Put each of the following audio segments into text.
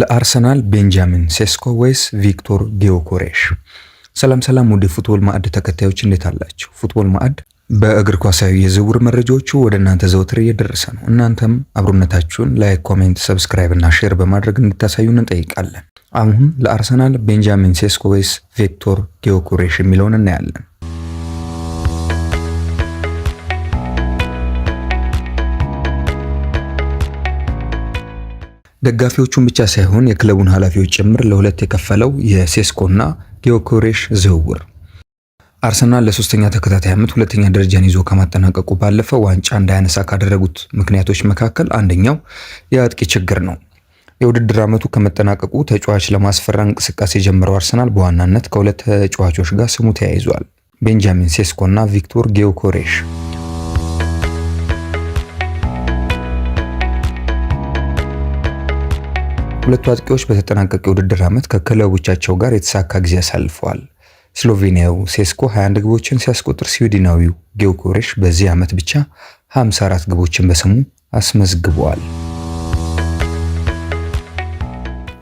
ለአርሰናል ቤንጃሚን ሴስኮ ወይስ ቪክቶር ጊዮኮሬሽ? ሰላም ሰላም፣ ወደ ፉትቦል ማዕድ ተከታዮች እንዴት አላችሁ? ፉትቦል ማዕድ በእግር ኳሳዊ የዝውውር መረጃዎቹ ወደ እናንተ ዘውትር እየደረሰ ነው። እናንተም አብሮነታችሁን ላይክ፣ ኮሜንት፣ ሰብስክራይብ እና ሼር በማድረግ እንድታሳዩን እንጠይቃለን። አሁን ለአርሰናል ቤንጃሚን ሴስኮ ወይስ ቪክቶር ጊዮኮሬሽ የሚለውን እናያለን። ደጋፊዎቹን ብቻ ሳይሆን የክለቡን ኃላፊዎች ጭምር ለሁለት የከፈለው የሴስኮና ጊዮኮሬሽ ዝውውር አርሰናል ለሶስተኛ ተከታታይ ዓመት ሁለተኛ ደረጃን ይዞ ከማጠናቀቁ ባለፈ ዋንጫ እንዳያነሳ ካደረጉት ምክንያቶች መካከል አንደኛው የአጥቂ ችግር ነው። የውድድር ዓመቱ ከመጠናቀቁ ተጫዋች ለማስፈራ እንቅስቃሴ ጀምረው አርሰናል በዋናነት ከሁለት ተጫዋቾች ጋር ስሙ ተያይዟል፤ ቤንጃሚን ሴስኮ እና ቪክቶር ጊዮኮሬሽ። ሁለቱ አጥቂዎች በተጠናቀቀ ውድድር ዓመት ከክለቦቻቸው ጋር የተሳካ ጊዜ አሳልፈዋል። ስሎቬኒያው ሴስኮ 21 ግቦችን ሲያስቆጥር ስዊድናዊው ጌውኮሬሽ በዚህ ዓመት ብቻ 54 ግቦችን በስሙ አስመዝግበዋል።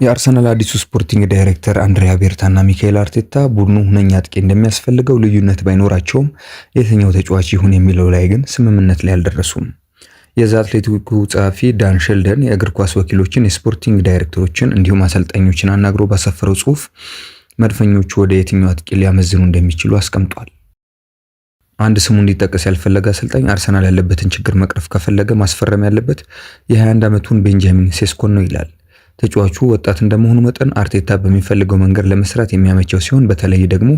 የአርሰናል አዲሱ ስፖርቲንግ ዳይሬክተር አንድሪያ እና ሚካኤል አርቴታ ቡድኑ ሁነኛ አጥቂ እንደሚያስፈልገው ልዩነት ባይኖራቸውም የትኛው ተጫዋች ይሁን የሚለው ላይ ግን ስምምነት ላይ አልደረሱም። የዛ አትሌቲኩ ጸሐፊ ዳን ሸልደን የእግር ኳስ ወኪሎችን፣ የስፖርቲንግ ዳይሬክተሮችን እንዲሁም አሰልጣኞችን አናግሮ ባሰፈረው ጽሁፍ መድፈኞቹ ወደ የትኛው አጥቂ ሊያመዝኑ እንደሚችሉ አስቀምጧል። አንድ ስሙ እንዲጠቀስ ያልፈለገ አሰልጣኝ አርሰናል ያለበትን ችግር መቅረፍ ከፈለገ ማስፈረም ያለበት የ21 ዓመቱን ቤንጃሚን ሴስኮን ነው ይላል። ተጫዋቹ ወጣት እንደመሆኑ መጠን አርቴታ በሚፈልገው መንገድ ለመስራት የሚያመቸው ሲሆን በተለይ ደግሞ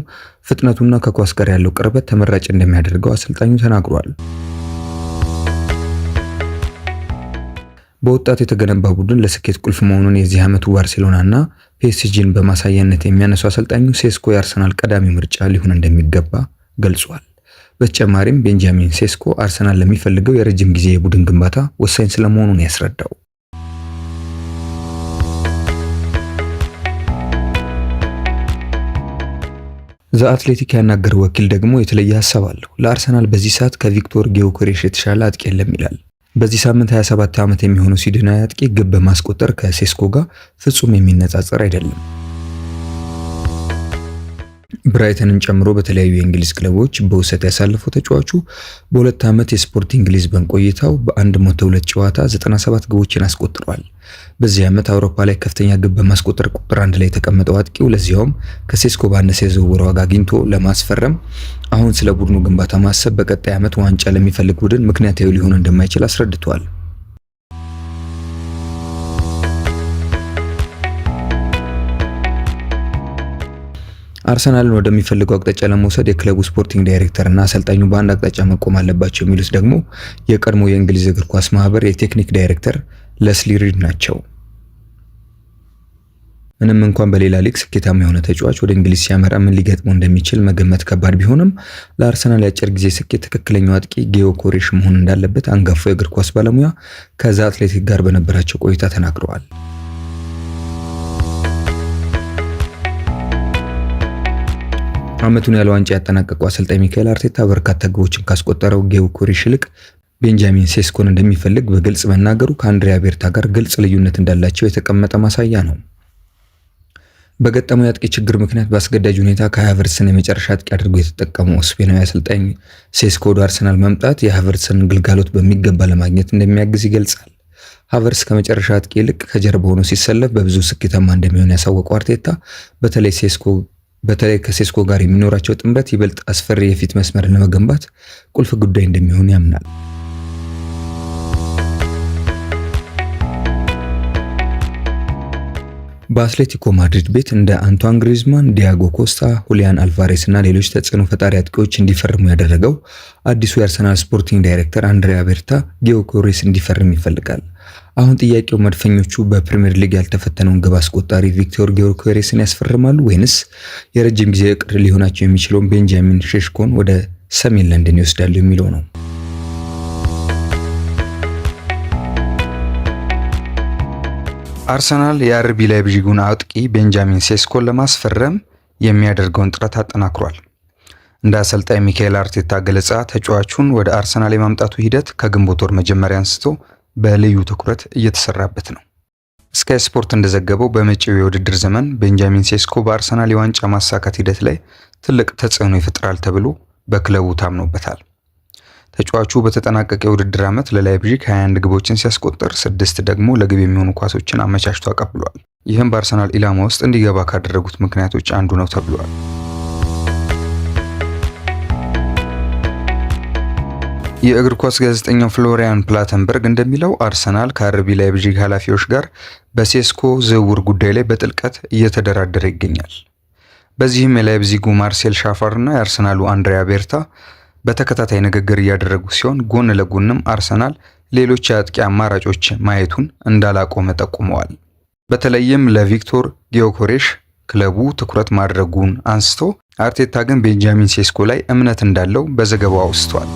ፍጥነቱና ከኳስ ጋር ያለው ቅርበት ተመራጭ እንደሚያደርገው አሰልጣኙ ተናግሯል። በወጣት የተገነባ ቡድን ለስኬት ቁልፍ መሆኑን የዚህ ዓመቱ ባርሴሎናና ፒኤስጂን በማሳያነት የሚያነሱ አሰልጣኙ ሴስኮ የአርሰናል ቀዳሚ ምርጫ ሊሆን እንደሚገባ ገልጿል። በተጨማሪም ቤንጃሚን ሴስኮ አርሰናል ለሚፈልገው የረጅም ጊዜ የቡድን ግንባታ ወሳኝ ስለመሆኑን ያስረዳው አትሌቲክ ያናገረው ወኪል ደግሞ የተለየ ሀሳብ አለው። ለአርሰናል በዚህ ሰዓት ከቪክቶር ጊዮኬሬሽ የተሻለ አጥቂ የለም ይላል። በዚህ ሳምንት 27 ዓመት የሚሆኑ ሲድናዊ አጥቂ ግብ በማስቆጠር ከሴስኮ ጋር ፍጹም የሚነጻጸር አይደለም። ብራይተንን ጨምሮ በተለያዩ የእንግሊዝ ክለቦች በውሰት ያሳለፈው ተጫዋቹ በሁለት ዓመት የስፖርቲንግ ሊዝበን ቆይታው በ102 ጨዋታ 97 ግቦችን አስቆጥሯል። በዚህ ዓመት አውሮፓ ላይ ከፍተኛ ግብ በማስቆጠር ቁጥር አንድ ላይ የተቀመጠው አጥቂው ለዚያውም ከሴስኮ ባነሰ የዝውውር ዋጋ አግኝቶ ለማስፈረም አሁን ስለ ቡድኑ ግንባታ ማሰብ በቀጣይ ዓመት ዋንጫ ለሚፈልግ ቡድን ምክንያታዊ ሊሆን እንደማይችል አስረድቷል። አርሰናልን ወደሚፈልገው አቅጣጫ ለመውሰድ የክለቡ ስፖርቲንግ ዳይሬክተር እና አሰልጣኙ በአንድ አቅጣጫ መቆም አለባቸው የሚሉት ደግሞ የቀድሞ የእንግሊዝ እግር ኳስ ማህበር የቴክኒክ ዳይሬክተር ለስሊ ሪድ ናቸው። ምንም እንኳን በሌላ ሊግ ስኬታማ የሆነ ተጫዋች ወደ እንግሊዝ ሲያመራ ምን ሊገጥመው እንደሚችል መገመት ከባድ ቢሆንም ለአርሰናል የአጭር ጊዜ ስኬት ትክክለኛው አጥቂ ጌዮ ኮሬሽ መሆን እንዳለበት አንጋፋው የእግር ኳስ ባለሙያ ከዛ አትሌቲክ ጋር በነበራቸው ቆይታ ተናግረዋል። ዓመቱን ያለ ዋንጫ ያጠናቀቁ አሰልጣኝ ሚካኤል አርቴታ በርካታ ግቦችን ካስቆጠረው ጌው ኩሪሽ ይልቅ ቤንጃሚን ሴስኮን እንደሚፈልግ በግልጽ መናገሩ ከአንድሪያ ቤርታ ጋር ግልጽ ልዩነት እንዳላቸው የተቀመጠ ማሳያ ነው። በገጠመው የአጥቂ ችግር ምክንያት በአስገዳጅ ሁኔታ ከሃቨርትስን የመጨረሻ አጥቂ አድርጎ የተጠቀመው ስፔናዊ አሰልጣኝ ሴስኮ ወደ አርሰናል መምጣት የሃቨርትስን ግልጋሎት በሚገባ ለማግኘት እንደሚያግዝ ይገልጻል። ሃቨርስ ከመጨረሻ አጥቂ ይልቅ ከጀርባ ሆኖ ሲሰለፍ በብዙ ስኬታማ እንደሚሆን ያሳወቀው አርቴታ በተለይ ሴስኮ በተለይ ከሴስኮ ጋር የሚኖራቸው ጥምረት ይበልጥ አስፈሪ የፊት መስመር ለመገንባት ቁልፍ ጉዳይ እንደሚሆን ያምናል። በአትሌቲኮ ማድሪድ ቤት እንደ አንቷን ግሪዝማን፣ ዲያጎ ኮስታ፣ ሁሊያን አልቫሬስ እና ሌሎች ተጽዕኖ ፈጣሪ አጥቂዎች እንዲፈርሙ ያደረገው አዲሱ የአርሰናል ስፖርቲንግ ዳይሬክተር አንድሪያ ቤርታ ጊዮኮሬስ እንዲፈርም ይፈልጋል። አሁን ጥያቄው መድፈኞቹ በፕሪምየር ሊግ ያልተፈተነውን ግብ አስቆጣሪ ቪክቶር ጊዮኮሬስን ያስፈርማሉ ወይንስ የረጅም ጊዜ እቅድ ሊሆናቸው የሚችለውን ቤንጃሚን ሼሽኮን ወደ ሰሜን ለንደን ይወስዳሉ የሚለው ነው። አርሰናል የአርቢ ላይፕዚጉን አጥቂ ቤንጃሚን ሴስኮን ለማስፈረም የሚያደርገውን ጥረት አጠናክሯል። እንደ አሰልጣኝ ሚካኤል አርቴታ ገለጻ ተጫዋቹን ወደ አርሰናል የማምጣቱ ሂደት ከግንቦት ወር መጀመሪያ አንስቶ በልዩ ትኩረት እየተሰራበት ነው። ስካይ ስፖርት እንደዘገበው በመጪው የውድድር ዘመን ቤንጃሚን ሴስኮ በአርሰናል የዋንጫ ማሳካት ሂደት ላይ ትልቅ ተጽዕኖ ይፈጥራል ተብሎ በክለቡ ታምኖበታል። ተጫዋቹ በተጠናቀቀ የውድድር ዓመት ለላይፕዚግ 21 ግቦችን ሲያስቆጥር ስድስት ደግሞ ለግብ የሚሆኑ ኳሶችን አመቻችቶ አቀብሏል። ይህም በአርሰናል ኢላማ ውስጥ እንዲገባ ካደረጉት ምክንያቶች አንዱ ነው ተብሏል። የእግር ኳስ ጋዜጠኛው ፍሎሪያን ፕላተንበርግ እንደሚለው አርሰናል ከአርቢ ላይፕዚግ ኃላፊዎች ጋር በሴስኮ ዝውውር ጉዳይ ላይ በጥልቀት እየተደራደረ ይገኛል። በዚህም የላይፕዚጉ ማርሴል ሻፋር እና የአርሰናሉ አንድሪያ ቤርታ በተከታታይ ንግግር እያደረጉ ሲሆን ጎን ለጎንም አርሰናል ሌሎች የአጥቂ አማራጮች ማየቱን እንዳላቆመ ጠቁመዋል። በተለይም ለቪክቶር ጊዮኮሬሽ ክለቡ ትኩረት ማድረጉን አንስቶ አርቴታ ግን ቤንጃሚን ሴስኮ ላይ እምነት እንዳለው በዘገባው አውስቷል።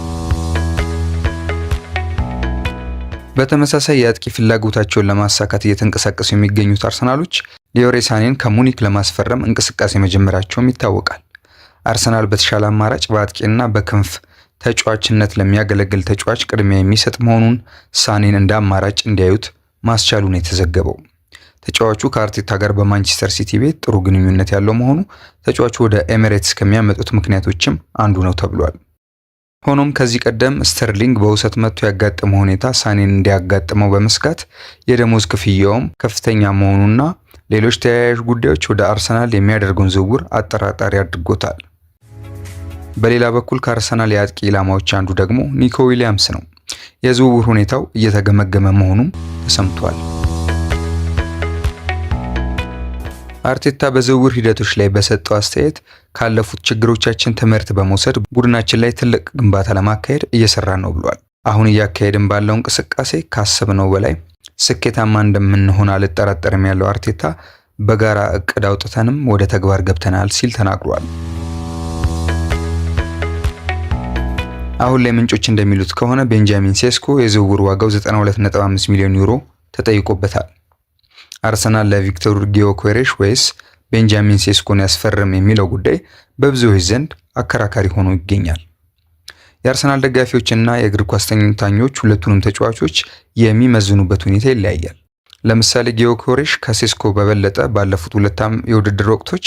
በተመሳሳይ የአጥቂ ፍላጎታቸውን ለማሳካት እየተንቀሳቀሱ የሚገኙት አርሰናሎች ሊዮሬ ሳኔን ከሙኒክ ለማስፈረም እንቅስቃሴ መጀመራቸውም ይታወቃል። አርሰናል በተሻለ አማራጭ በአጥቂና በክንፍ ተጫዋችነት ለሚያገለግል ተጫዋች ቅድሚያ የሚሰጥ መሆኑን ሳኔን እንደ አማራጭ እንዲያዩት ማስቻሉ ነው የተዘገበው። ተጫዋቹ ከአርቴታ ጋር በማንቸስተር ሲቲ ቤት ጥሩ ግንኙነት ያለው መሆኑ ተጫዋቹ ወደ ኤሚሬትስ ከሚያመጡት ምክንያቶችም አንዱ ነው ተብሏል። ሆኖም ከዚህ ቀደም ስተርሊንግ በውሰት መጥቶ ያጋጠመው ሁኔታ ሳኔን እንዲያጋጥመው በመስጋት የደሞዝ ክፍያውም ከፍተኛ መሆኑና ሌሎች ተያያዥ ጉዳዮች ወደ አርሰናል የሚያደርገውን ዝውውር አጠራጣሪ አድርጎታል። በሌላ በኩል ከአርሰናል የአጥቂ ኢላማዎች አንዱ ደግሞ ኒኮ ዊሊያምስ ነው። የዝውውር ሁኔታው እየተገመገመ መሆኑም ተሰምቷል። አርቴታ በዝውውር ሂደቶች ላይ በሰጠው አስተያየት ካለፉት ችግሮቻችን ትምህርት በመውሰድ ቡድናችን ላይ ትልቅ ግንባታ ለማካሄድ እየሰራ ነው ብሏል። አሁን እያካሄድን ባለው እንቅስቃሴ ካሰብነው በላይ ስኬታማ እንደምንሆን አልጠራጠርም ያለው አርቴታ በጋራ እቅድ አውጥተንም ወደ ተግባር ገብተናል ሲል ተናግሯል። አሁን ላይ ምንጮች እንደሚሉት ከሆነ ቤንጃሚን ሴስኮ የዝውውር ዋጋው 92.5 ሚሊዮን ዩሮ ተጠይቆበታል። አርሰናል ለቪክቶር ጊዮኮሬሽ ወይስ ቤንጃሚን ሴስኮን ያስፈርም የሚለው ጉዳይ በብዙዎች ዘንድ አከራካሪ ሆኖ ይገኛል። የአርሰናል ደጋፊዎችና የእግር ኳስ ተንታኞች ሁለቱንም ተጫዋቾች የሚመዝኑበት ሁኔታ ይለያያል። ለምሳሌ ጊዮኮሬሽ ከሴስኮ በበለጠ ባለፉት ሁለት የውድድር ወቅቶች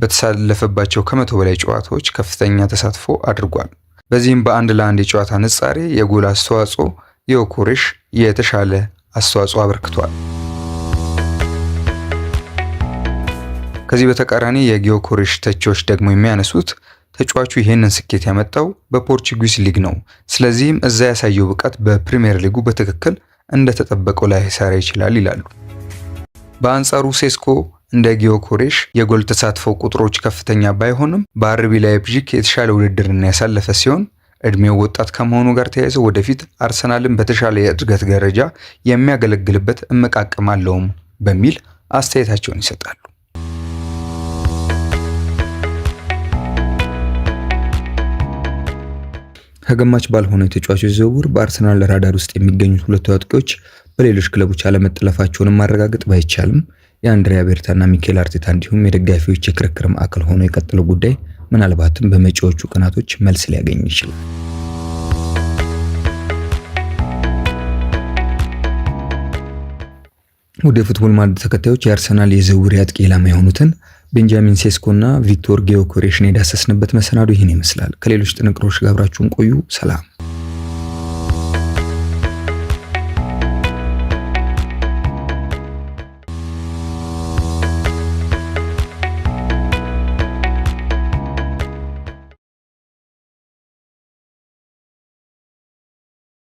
በተሳለፈባቸው ከመቶ በላይ ጨዋታዎች ከፍተኛ ተሳትፎ አድርጓል። በዚህም በአንድ ለአንድ የጨዋታ ንጻሬ የጎል አስተዋጽኦ የዮኬሬሽ የተሻለ አስተዋጽኦ አበርክቷል። ከዚህ በተቃራኒ የጊዮኮሪሽ ተቺዎች ደግሞ የሚያነሱት ተጫዋቹ ይህንን ስኬት ያመጣው በፖርቹጊዝ ሊግ ነው። ስለዚህም እዛ ያሳየው ብቃት በፕሪምየር ሊጉ በትክክል እንደተጠበቀው ላይ ሰራ ይችላል ይላሉ። በአንጻሩ ሴስኮ እንደ ጊዮኮሬሽ የጎል ተሳትፎ ቁጥሮች ከፍተኛ ባይሆንም በአርቢ ላይፕዚግ የተሻለ ውድድርን ያሳለፈ ሲሆን እድሜው ወጣት ከመሆኑ ጋር ተያይዞ ወደፊት አርሰናልን በተሻለ የእድገት ደረጃ የሚያገለግልበት እምቅ አቅም አለውም በሚል አስተያየታቸውን ይሰጣሉ። ተገማች ባልሆነ የተጫዋቾች ዝውውር በአርሰናል ራዳር ውስጥ የሚገኙት ሁለቱ አጥቂዎች በሌሎች ክለቦች አለመጠለፋቸውንም ማረጋገጥ ባይቻልም የአንድሪያ ቤርታና ሚኬል አርቴታ እንዲሁም የደጋፊዎች የክርክር ማዕከል ሆኖ የቀጠለው ጉዳይ ምናልባትም በመጪዎቹ ቀናቶች መልስ ሊያገኝ ይችላል። ወደ ፉትቦል ማድ ተከታዮች የአርሰናል የዝውውር አጥቂ ኢላማ የሆኑትን ቤንጃሚን ሴስኮ እና ቪክቶር ጊዮኮሬሽን የዳሰስንበት መሰናዶ ይህን ይመስላል። ከሌሎች ጥንቅሮች ጋብራችሁን ቆዩ። ሰላም።